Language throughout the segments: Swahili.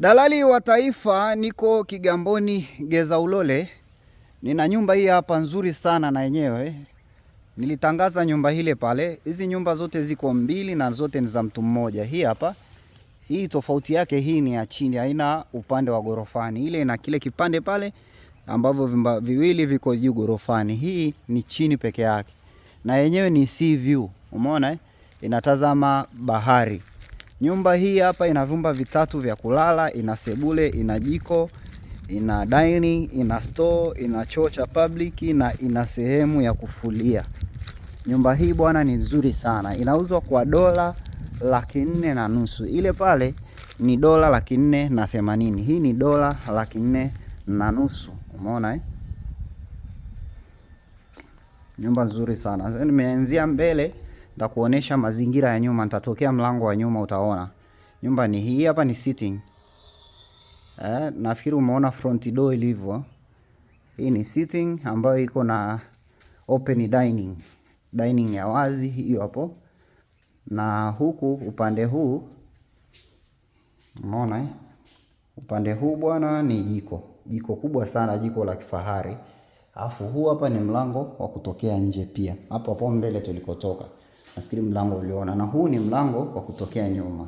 Dalali wa Taifa, niko Kigamboni Geza Ulole. Nina nyumba hii hapa nzuri sana na yenyewe nilitangaza nyumba hile pale. Hizi nyumba zote ziko mbili na zote ni za mtu mmoja. Hii hapa, hii tofauti yake, hii ni ya chini, haina upande wa gorofani. Ile ina kile kipande pale ambavyo viwili viko juu gorofani. Hii ni chini peke yake, na yenyewe ni sea view, umeona eh? Inatazama bahari. Nyumba hii hapa ina vyumba vitatu vya kulala, ina sebule, ina jiko, ina dining, ina store, ina choo cha public na ina sehemu ya kufulia. Nyumba hii bwana ni nzuri sana, inauzwa kwa dola laki nne na nusu. Ile pale ni dola laki nne na themanini, hii ni dola laki nne na nusu. Umeona eh? Nyumba nzuri sana. Nimeanzia mbele Nitakuonesha mazingira ya nyuma, nitatokea mlango wa nyuma, utaona nyumba ni hii hapa, ni sitting eh. Nafikiri umeona front door ilivyo. Hii ni sitting ambayo iko na open dining, dining ya wazi hiyo hapo, na huku upande huu umeona eh? Upande huu bwana ni jiko, jiko kubwa sana, jiko la kifahari. Alafu huu hapa ni mlango wa kutokea nje pia, hapo hapo mbele tulikotoka. Nafikiri mlango uliona, na huu ni mlango wa kutokea nyuma.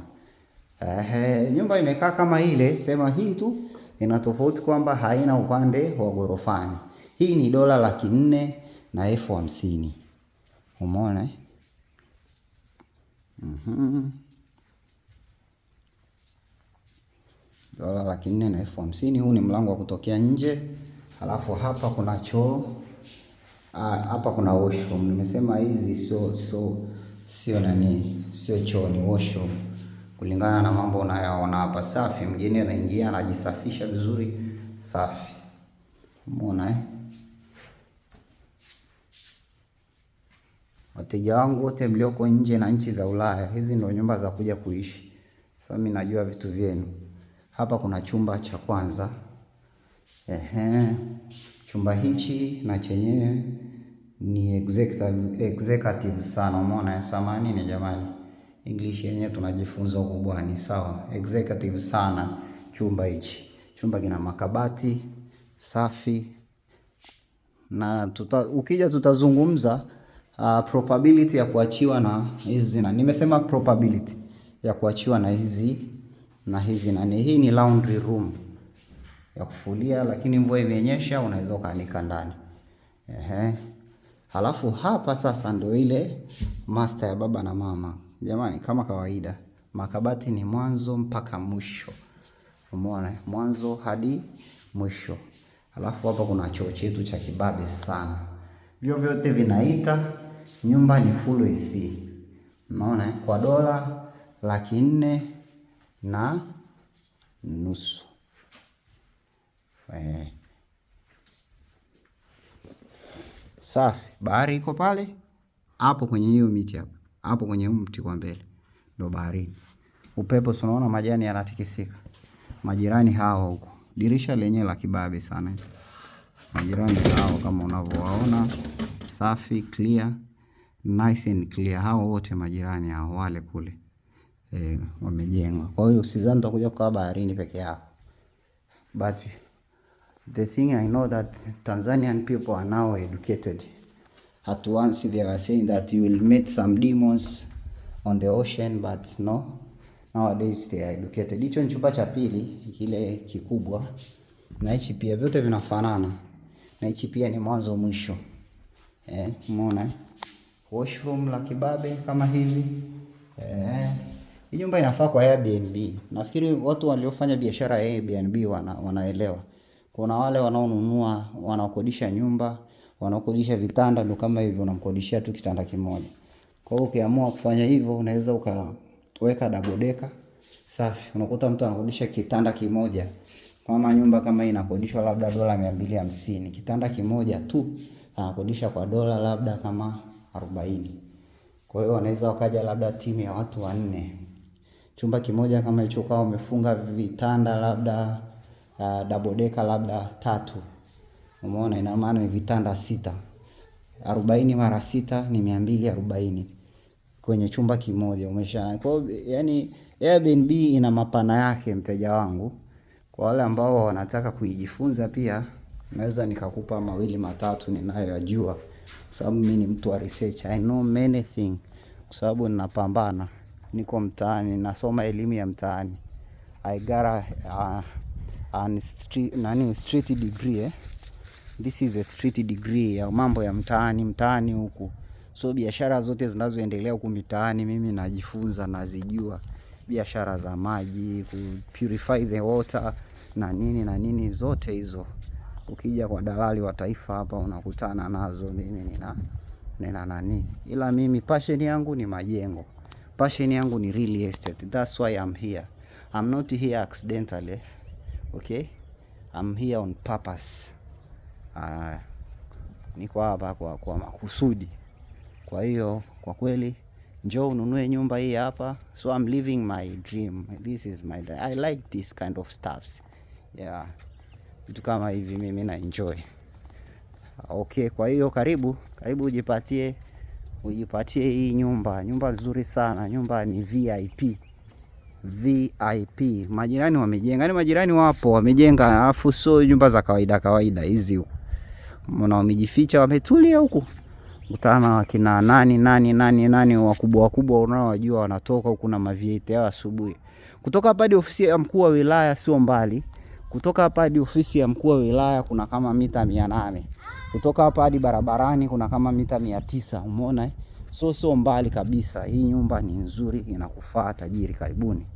Ehe, nyumba imekaa kama ile, sema hii tu ina tofauti kwamba haina upande wa gorofani. Hii ni dola laki nne na elfu hamsini. Umeona? Mm-hmm. Dola laki nne na elfu hamsini. Huu ni mlango wa kutokea nje. Halafu hapa kuna choo. Ah, hapa kuna washroom. Nimesema hizi sio sio sio nani, sio choo, ni washroom kulingana na mambo unayoona hapa. Safi, mgeni anaingia anajisafisha vizuri, safi. Umeona eh? Wateja wangu wote mlioko nje na nchi za Ulaya, hizi ndio nyumba za kuja kuishi. Sasa mimi najua vitu vyenu. Hapa kuna chumba cha kwanza. Ehe. Chumba hichi na chenyewe ni executive, executive sana. Umeona samani ni jamani, English yenyewe tunajifunza huko bwani, sawa. Executive sana chumba hichi. Chumba kina makabati safi na tuta, ukija tutazungumza uh, probability ya kuachiwa na hizi na nimesema probability ya kuachiwa na hizi na hizi na Hii ni laundry room ya kufulia, lakini mvua imenyesha, unaweza ukaanika ndani. Ehe. Halafu hapa sasa ndio ile master ya baba na mama. Jamani, kama kawaida makabati ni mwanzo mpaka mwisho. Umeona, mwanzo hadi mwisho. Halafu hapa kuna choo chetu cha kibabe sana, vyo vyote vinaita. Nyumba ni full AC. Umeona? Eh? kwa dola laki nne na nusu. Eh. Safi, bahari iko pale hapo kwenye hiyo miti hapo. Hapo kwenye mti kwa mbele ndo baharini. Upepo tunaona majani yanatikisika. Majirani hao huko. Dirisha lenyewe la kibabe sana. Majirani hao kama unavyowaona safi, clear, nice and clear. Hao wote majirani hao wale kule. E, wamejengwa. Kwa hiyo usizani utakuja kukaa baharini peke yako. But The thing I know that Tanzanian people are now educated. At once they were saying that you will meet some demons on the ocean but no. Nowadays they are educated. Hicho ni chumba cha pili kile kikubwa. Na hichi pia vyote vinafanana. Na hichi pia ni mwanzo mwisho. Eh, umeona? Washroom la kibabe kama hivi. Eh. Hii nyumba inafaa kwa Airbnb. Nafikiri watu waliofanya biashara ya Airbnb wana, wanaelewa. Kuna wale wanaonunua, wanakodisha nyumba, wanakodisha vitanda ndo kama hivyo unamkodishia tu kitanda kimoja. Kwa hiyo ukiamua kufanya hivyo unaweza ukaweka double decker safi. Unakuta mtu anakodisha kitanda kimoja. Kama nyumba kama hii inakodishwa labda dola mia mbili hamsini, kitanda kimoja tu anakodisha kwa dola labda kama arobaini. Kwa hiyo wanaweza wakaja labda timu ya watu wanne. Chumba kimoja kama hicho kwa umefunga vitanda labda uh, double decker labda tatu. Umeona, ina maana ni vitanda sita. Arobaini mara sita ni mia mbili kwenye chumba kimoja, umesha. Kwa hiyo yani, Airbnb ina mapana yake, mteja wangu. Kwa wale ambao wanataka kujifunza pia naweza nikakupa mawili matatu ninayoyajua, kwa sababu mimi ni mtu wa research. I know many thing, kwa sababu ninapambana, niko mtaani, nasoma elimu ya mtaani. I gotta, uh, an ah, street, nani street degree eh? This is a street degree ya mambo ya mtaani mtaani huku, so biashara zote zinazoendelea huku mitaani mimi najifunza, nazijua biashara za maji, ku purify the water na nini na nini, zote hizo ukija kwa dalali wa taifa hapa unakutana nazo. Mimi nina nina nani, ila mimi passion yangu ni majengo, passion yangu ni real estate, that's why I'm here, I'm not here accidentally. Okay, I'm here on purpose. Uh, niko hapa kwa, kwa makusudi. Kwa hiyo kwa kweli njoo ununue nyumba hii hapa. So I'm living my dream. This is my dream. I like this kind of stuffs. Yeah. Vitu kama hivi mimi na enjoy. Okay, kwa hiyo karibu, karibu ujipatie ujipatie hii nyumba, nyumba nzuri sana, nyumba ni VIP. VIP. Majirani wamejenga, yani majirani wapo wamejenga, alafu sio nyumba za kawaida kawaida hizi huko, mbona wamejificha, wametulia huku kutana wakina nani nani nani nani wakubwa wakubwa unaowajua wanatoka huku na mavieti yao asubuhi. Kutoka hapa hadi ofisi ya mkuu wa wilaya sio mbali. Kutoka hapa hadi ofisi ya mkuu wa wilaya kuna kama mita mia nane. Kutoka hapa hadi barabarani kuna kama mita mia tisa. Umeona eh? So sio mbali kabisa. Hii nyumba ni nzuri, inakufaa tajiri. Karibuni.